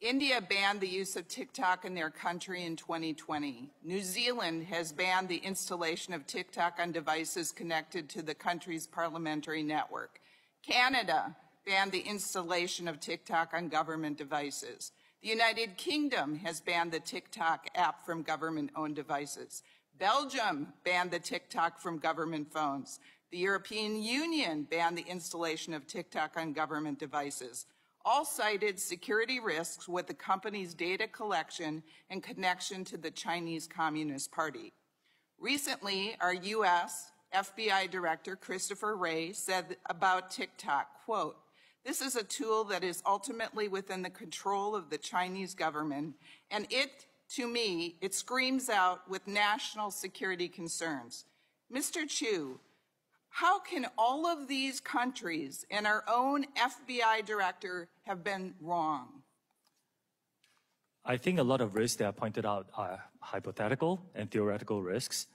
India banned the use of TikTok in their country in 2020. New Zealand has banned the installation of TikTok on devices connected to the country's parliamentary network. Canada banned the installation of TikTok on government devices. The United Kingdom has banned the TikTok app from government-owned devices. Belgium banned the TikTok from government phones. The European Union banned the installation of TikTok on government devices all cited security risks with the company's data collection and connection to the Chinese Communist Party. Recently, our U.S. FBI Director Christopher Wray said about TikTok, quote, this is a tool that is ultimately within the control of the Chinese government, and it, to me, it screams out with national security concerns. Mr. Chu, how can all of these countries and our own FBI director have been wrong? I think a lot of risks that are pointed out are hypothetical and theoretical risks.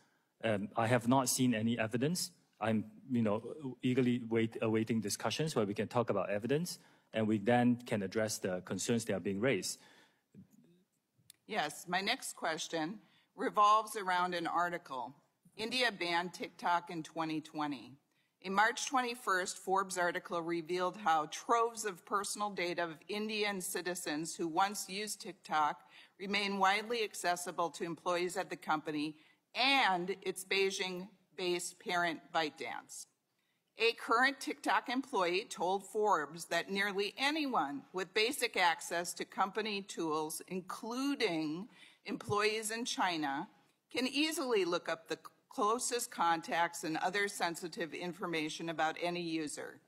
Um, I have not seen any evidence. I'm, you know, eagerly wait, awaiting discussions where we can talk about evidence and we then can address the concerns that are being raised. Yes, my next question revolves around an article India banned TikTok in 2020. A March 21st Forbes article revealed how troves of personal data of Indian citizens who once used TikTok remain widely accessible to employees at the company and its Beijing-based parent ByteDance. A current TikTok employee told Forbes that nearly anyone with basic access to company tools, including employees in China, can easily look up the closest contacts, and other sensitive information about any user.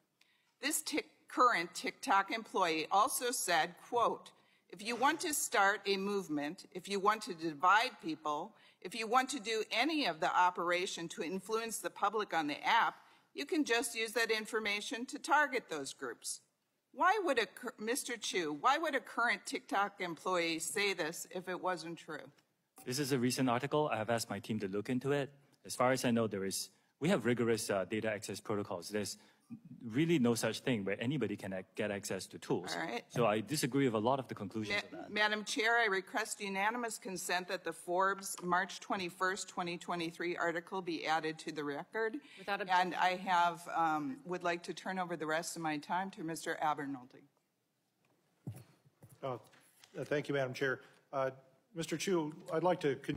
This tic current TikTok employee also said, quote, if you want to start a movement, if you want to divide people, if you want to do any of the operation to influence the public on the app, you can just use that information to target those groups. Why would a, Mr. Chu, why would a current TikTok employee say this if it wasn't true? This is a recent article. I've asked my team to look into it as far as I know, there is, we have rigorous uh, data access protocols. There's really no such thing where anybody can get access to tools. All right. So I disagree with a lot of the conclusions Ma of that. Madam Chair, I request unanimous consent that the Forbes March 21st, 2023 article be added to the record. Without objection. And I have, um, would like to turn over the rest of my time to Mr. Abernoldi. Uh, thank you, Madam Chair. Uh, Mr. Chu, I'd like to